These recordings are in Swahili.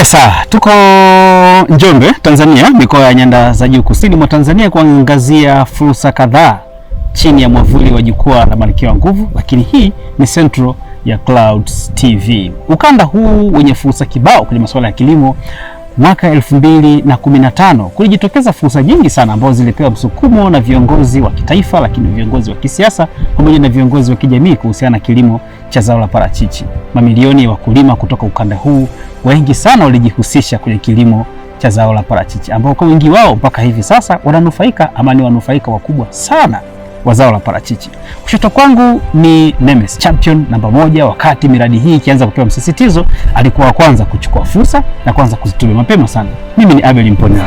Okay, Tuko Njombe, Tanzania, mikoa ya nyanda za juu kusini mwa Tanzania kuangazia fursa kadhaa chini ya mwavuli wa jukwaa la Malkia wa Nguvu, lakini hii ni central ya Clouds TV. Ukanda huu wenye fursa kibao kwenye masuala ya kilimo mwaka 2015 kulijitokeza fursa nyingi sana ambazo zilipewa msukumo na viongozi wa kitaifa, lakini viongozi wa kisiasa pamoja na viongozi wa kijamii kuhusiana na kilimo cha zao la parachichi. Mamilioni ya wakulima kutoka ukanda huu wengi sana walijihusisha kwenye kilimo cha zao la parachichi, ambao kwa wengi wao mpaka hivi sasa wananufaika ama ni wanufaika wakubwa sana wa zao la parachichi. Kushoto kwangu ni Nemes champion namba moja. Wakati miradi hii ikianza kupewa msisitizo, alikuwa wa kwanza kuchukua fursa na kwanza kuzitumia mapema sana. Mimi ni Abel Mponya.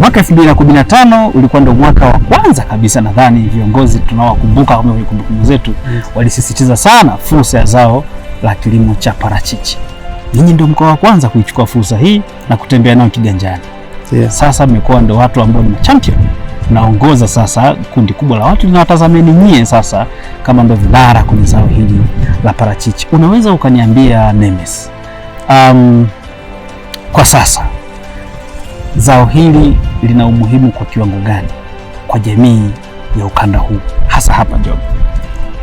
Mwaka 2015 ulikuwa ndio mwaka wa kwanza kabisa, nadhani viongozi tunawakumbuka kama kwenye kumbukumbu zetu walisisitiza sana fursa ya zao la kilimo cha parachichi. Ninyi ndio mkoa wa kwanza kuichukua fursa hii na kutembea nayo kiganjani. Yeah. Sasa mmekuwa ndio watu ambao ni champion naongoza sasa kundi kubwa la watu linawatazameni nyie sasa kama ndo vinara kwenye zao hili la parachichi. Unaweza ukaniambia Nemes, um, kwa sasa zao hili lina umuhimu kwa kiwango gani kwa jamii ya ukanda huu hasa hapa Njombe?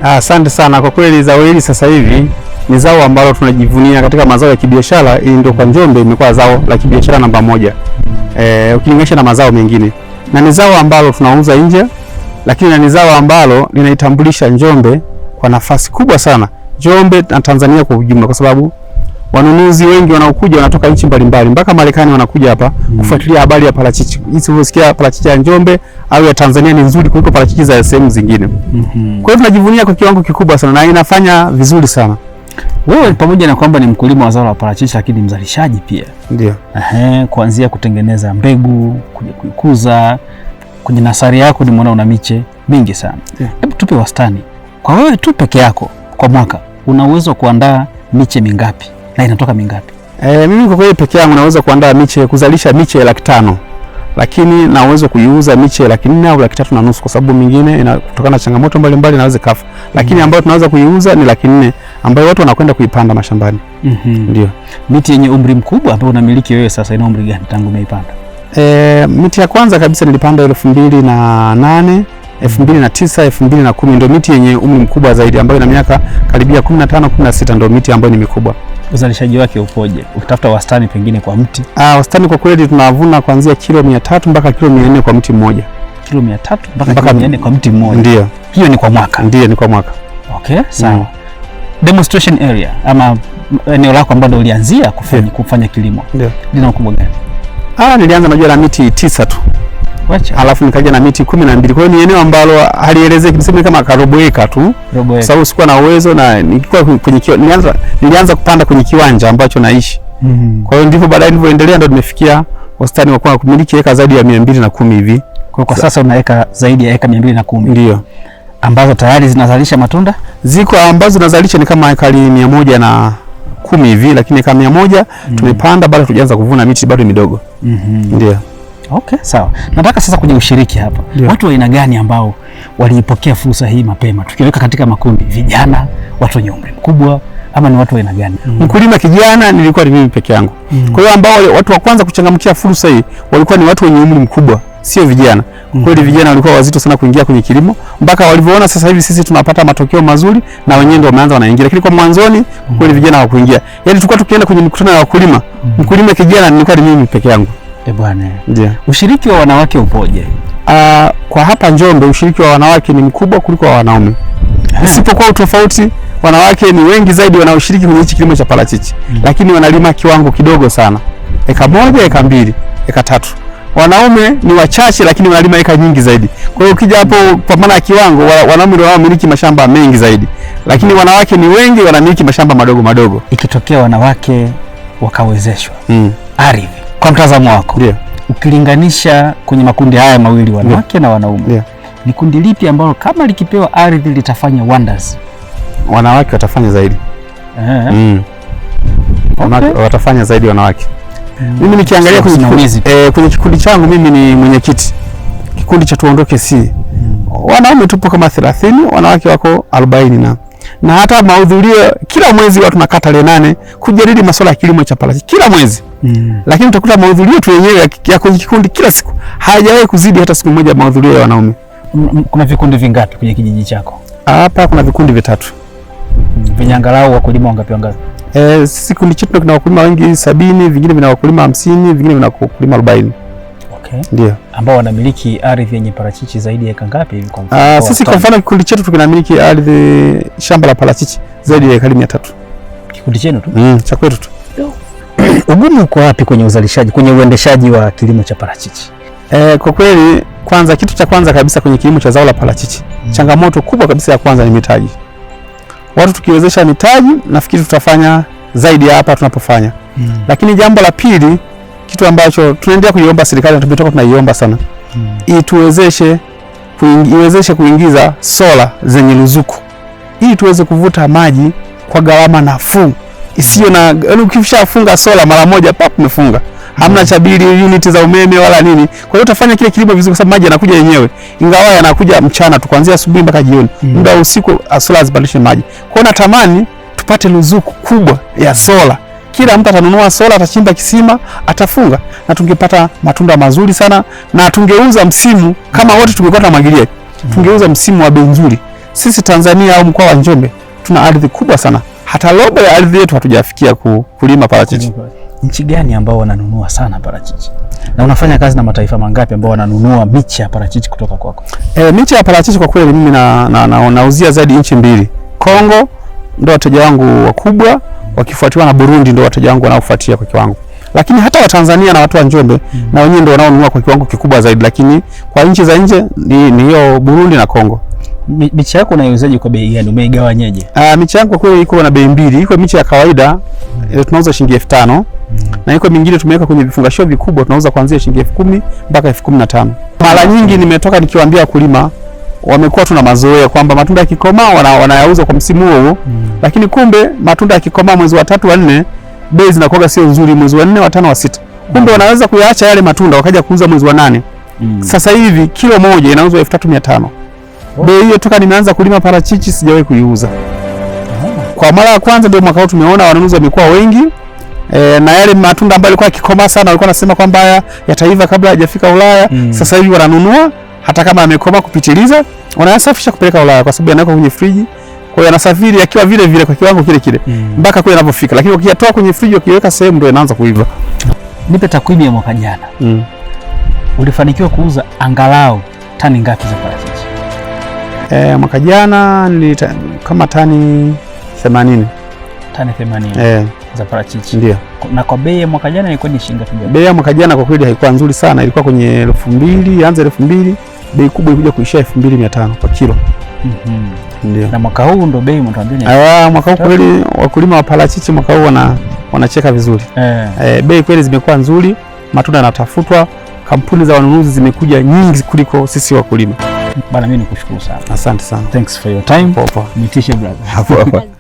Ah, asante ah, sana kwa kweli, zao hili sasa hivi ni zao ambalo tunajivunia katika mazao ya kibiashara. ili ndio kwa Njombe imekuwa zao la kibiashara namba moja, eh, ukilinganisha na mazao mengine na ni zao ambalo tunauza nje, lakini na ni zao ambalo linaitambulisha Njombe kwa nafasi kubwa sana, Njombe na Tanzania kwa ujumla, kwa sababu wanunuzi wengi wanaokuja wanatoka nchi mbalimbali mpaka Marekani wanakuja hapa mm. kufuatilia habari ya parachichi. Hizi unasikia parachichi ya Njombe au ya Tanzania ni nzuri kuliko parachichi za sehemu zingine. Mm -hmm. Kwa hiyo tunajivunia kwa kiwango kikubwa sana na inafanya vizuri sana. Wewe pamoja na kwamba ni mkulima wa zao la parachichi, lakini mzalishaji pia ndio. Ehe, kuanzia kutengeneza mbegu kuja kuikuza kwenye nasari yako, nimeona una miche mingi sana. Hebu tupe wastani kwa wewe tu peke yako, kwa mwaka una uwezo kuandaa miche mingapi na inatoka mingapi? E, mimi kwa kweli peke yangu naweza kuandaa miche kuzalisha miche laki tano lakini na uwezo kuiuza miche laki nne au laki tatu na nusu kwa sababu mingine kutokana na changamoto mbalimbali inaweza kafa, lakini mhm. ambayo tunaweza kuiuza ni laki nne ambayo watu wanakwenda kuipanda mashambani mm -hmm. Ndio miti yenye umri mkubwa ambayo unamiliki wewe sasa ina umri gani tangu umeipanda? E, miti ya kwanza kabisa nilipanda elfu mbili na nane elfu mbili na tisa elfu mbili na kumi ndio miti yenye umri mkubwa zaidi ambayo ina miaka karibia 15 16 ndio miti ambayo ni mikubwa. mm uzalishaji wake upoje, ukitafuta wastani pengine kwa mti? Ah, wastani kwa kweli tunavuna kuanzia kilo mia tatu mpaka kilo mia nne kwa mti mmoja. Kilo mia tatu mpaka kilo mia nne kwa mti mmoja? Ndio, hiyo ni kwa mwaka? Ndio, ni kwa mwaka. Okay, sawa. Mm. Demonstration area ama eneo lako ambalo ulianzia kufanya, yeah. kufanya kilimo lina ukubwa gani? Ah, nilianza najua na miti tisa tu Wacha. Alafu nikaja na miti kumi na mbili. Kwa hiyo ni eneo ambalo halielezeki, niseme kama karobo eka tu, sababu sikuwa na uwezo na nilikuwa kwenye nilianza, nilianza kupanda kwenye kiwanja ambacho naishi. Mm -hmm. Kwa hiyo ndivyo baadaye nilivyoendelea ndo nimefikia wastani wa kuwa kumiliki eka zaidi ya mia mbili na kumi hivi. Kwa kwa sasa una eka zaidi ya eka mia mbili na kumi. Ndio. Ambazo tayari zinazalisha matunda? Ziko ambazo zinazalisha ni kama ekari mia moja na kumi hivi, lakini eka mia moja mm -hmm. tumepanda bado tujaanza kuvuna miti bado midogo. Mm -hmm. Ndio. Okay, sawa. Nataka sasa kuja ushiriki hapa. Yeah. Watu wa aina gani ambao waliipokea fursa hii mapema, tukiweka katika makundi, vijana, watu wenye umri mkubwa, ama ni watu wa aina gani? Mm. Mkulima kijana nilikuwa ni mimi peke yangu. Mm. Kwa hiyo ambao watu wa kwanza kuchangamkia fursa hii walikuwa ni watu wenye umri mkubwa, sio vijana. Mm. Kweli vijana walikuwa wazito sana kuingia kwenye kilimo mpaka walivyoona sasa hivi sisi tunapata matokeo mazuri na wenyewe ndio wameanza wanaingia, lakini kwa mwanzoni kweli vijana hawakuingia. Yaani tulikuwa tukienda kwenye mikutano ya wakulima, mm. mkulima kijana nilikuwa ni mimi peke yangu. E bwana, yeah. Ushiriki wa wanawake upoje? Uh, ah, kwa hapa Njombe ushiriki wa wanawake ni mkubwa kuliko wa wanaume eh. isipokuwa utofauti wanawake ni wengi zaidi wanaoshiriki kwenye hichi kilimo cha parachichi mm. Lakini wanalima kiwango kidogo sana, eka moja, eka mbili, eka tatu. Wanaume ni wachache, lakini wanalima eka nyingi zaidi. Kwa hiyo ukija hapo kwa maana ya kiwango, wanaume ndio wanaomiliki mashamba mengi zaidi, lakini hmm. wanawake ni wengi wanamiliki mashamba madogo madogo. Ikitokea wanawake wakawezeshwa mm. ardhi kwa mtazamo wako yeah. Ukilinganisha kwenye makundi haya mawili wanawake yeah. na wanaume yeah. ni kundi lipi ambalo kama likipewa ardhi litafanya wonders? Wanawake watafanya zaidi yeah. mm. okay. watafanya zaidi wanawake mm. mimi nikiangalia kwenye, eh, kwenye kikundi changu mimi ni mwenyekiti kikundi cha tuondoke si mm. wanaume tupo kama 30 wanawake wako 40 na na hata mahudhurio kila mwezi watu tunakaa tarehe nane kujadili masuala ya kilimo cha parachichi kila mwezi mm. Lakini utakuta mahudhurio tu yenyewe ya, kwenye kikundi kila siku hajawahi kuzidi hata siku moja mahudhurio ya wanaume. Kuna vikundi vingapi kwenye kijiji chako? Hapa kuna vikundi vitatu mm, vyenye angalau wakulima wangapi wangapi? Eh, sisi kundi chetu kina wakulima wengi sabini, vingine vina wakulima hamsini, vingine vina wakulima arobaini. Okay. Ndio. Ambao wanamiliki ardhi yenye parachichi zaidi ya kangapi hivi kwa mfano? Ah, sisi kwa mfano kikundi chetu tunamiliki ardhi shamba la parachichi zaidi ya ekari 300. Kikundi chenu tu? Mm, cha kwetu tu. Ugumu uko wapi kwenye uzalishaji, kwenye uendeshaji wa kilimo cha parachichi? Eh, kwa kweli kwanza, kitu cha kwanza kabisa kwenye kilimo cha zao la parachichi, mm. changamoto kubwa kabisa ya kwanza ni mitaji. Watu tukiwezesha mitaji, nafikiri tutafanya zaidi ya hapa tunapofanya. Mm. Lakini jambo la pili kitu ambacho tunaendelea kuiomba serikali na tumetoka tunaiomba sana mm. ituwezeshe kuingi, iwezeshe kuingiza sola zenye ruzuku ili tuweze kuvuta maji kwa gharama nafuu isiyo na yaani ukishafunga sola mara moja pap umefunga hamna hmm. cha bili unit za umeme wala nini. Kwa hiyo utafanya kile kilimo vizuri, kwa sababu maji yanakuja yenyewe, ingawa yanakuja mchana tu, kuanzia asubuhi mpaka jioni, hmm. muda mm. wa usiku ah, sola hazipandishe maji. Kwa hiyo natamani tupate ruzuku kubwa ya sola kila mtu atanunua sola, atachimba kisima, atafunga, na tungepata matunda mazuri sana, na tungeuza msimu kama wote tungekuwa tunamwagilia, tungeuza msimu wa bei nzuri. Sisi Tanzania au mkoa wa Njombe tuna ardhi kubwa sana, hata robo ya ardhi yetu hatujafikia kulima parachichi. Nchi gani ambao wananunua sana parachichi? Na unafanya kazi na mataifa mangapi ambao wananunua miche ya parachichi kutoka kwako? E, miche ya parachichi kwa kweli mimi na, na, na, na, nauzia zaidi nchi mbili. Kongo ndio wateja wangu wakubwa wakifuatiwa na Burundi ndio wateja wangu wanaofuatia kwa kiwango, lakini hata Watanzania na watu wa Njombe mm. na wenyewe ndio wanaonunua kwa kiwango kikubwa zaidi, lakini kwa nchi za nje ni hiyo Burundi na Kongo. Miche yako unaiuzaje kwa bei gani? Umeigawanyaje? Ah, miche yangu kwa kweli iko na bei mbili. Iko miche ya kawaida mm. Eh, tunauza shilingi elfu tano mm. na iko mingine tumeweka kwenye vifungashio vikubwa tunauza kuanzia shilingi elfu kumi mpaka elfu kumi na tano. Mara mm. nyingi nimetoka nikiwaambia wakulima wamekuwa tuna mazoea kwamba matunda yakikomaa wanayauza kwa msimu huo mm lakini kumbe matunda yakikomaa mwezi wa tatu wa nne, bei zinakuwa sio nzuri, mwezi wa nne, wa tano, wa sita, kumbe mm. wanaweza kuyaacha yale matunda wakaja kuuza mwezi wa nane. Mm. Sasa hivi kilo moja inauzwa 3500. Oh. Bei hiyo toka nimeanza kulima parachichi sijawahi kuiuza. Ah. Kwa mara ya kwanza ndio mwaka huu tumeona wanunuzi wamekuwa wengi. E, na yale matunda ambayo yalikuwa yakikomaa sana walikuwa wanasema kwamba haya yataiva kabla hajafika Ulaya. Mm. Sasa hivi wananunua hata kama amekoma kupitiliza, wanayasafisha kupeleka Ulaya kwa sababu yanawekwa kwenye friji kwa hiyo anasafiri akiwa vile vile kwa kiwango kile kile mm. mpaka mm. kule anapofika, lakini ukiyatoa kwenye friji ukiweka sehemu ndio inaanza kuiva. Nipe takwimu ya mwaka jana mm. ulifanikiwa kuuza angalau tani ngapi za parachichi? Eh, mwaka jana ni kama tani 80. Tani 80 eh, za parachichi ndio. Na kwa bei ya mwaka jana ilikuwa ni shilingi ngapi? Bei ya mwaka jana kwa kweli haikuwa nzuri sana, ilikuwa kwenye 2000, anza 2000, bei kubwa ilikuja kuishia 2500 kwa kilo Mhm. mm Ndiyo. Na mwaka huu ndo bei mtaambia ni. Ah, mwaka huu kweli wakulima wa parachichi mwaka huu wana wanacheka vizuri eh. E, bei kweli zimekuwa nzuri, matunda yanatafutwa, kampuni za wanunuzi zimekuja nyingi kuliko sisi wakulima. Bana, mimi nikushukuru sana, asante sana, thanks for your time. Nitishe brother. Hapo hapo.